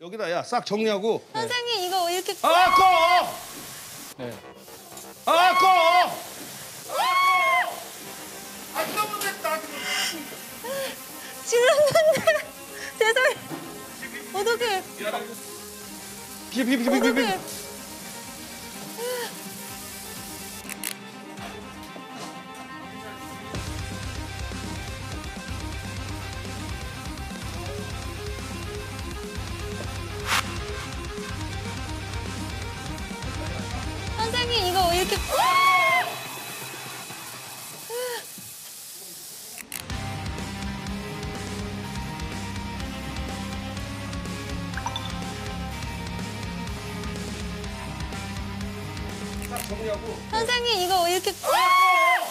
여기다 야 싹 정리하고. 선생님 이거 이렇게. 아 꺼. 네. 아 꺼. 아 너무 됐다. 지금 건데 죄송 어떻게? 비비비비비. 이렇게. 선생님 이거 이렇게. 아!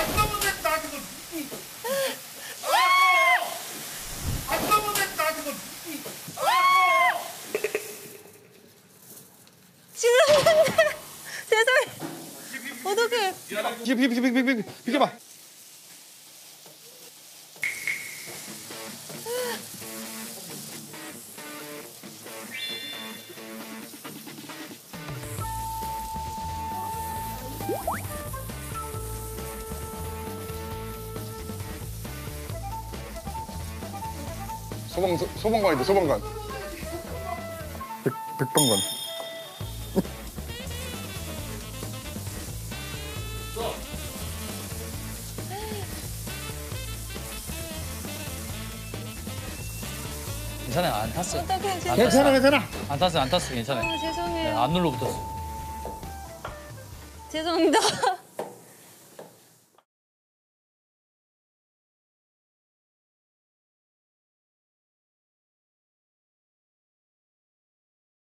안 넘어졌다 어떡해. 비켜, 비켜, 비켜, 비켜, 비켜, 비켜봐. 소방, 소방관이다, 소방관. 백, 백방관. 괜찮아요. 안 탔어요. 어떡해, 안 괜찮아, 탔어 괜찮아. 안 탔어요. 안 탔어요. 괜찮아요. 아, 죄송해요. 네, 안 눌러붙었어요. 죄송합니다.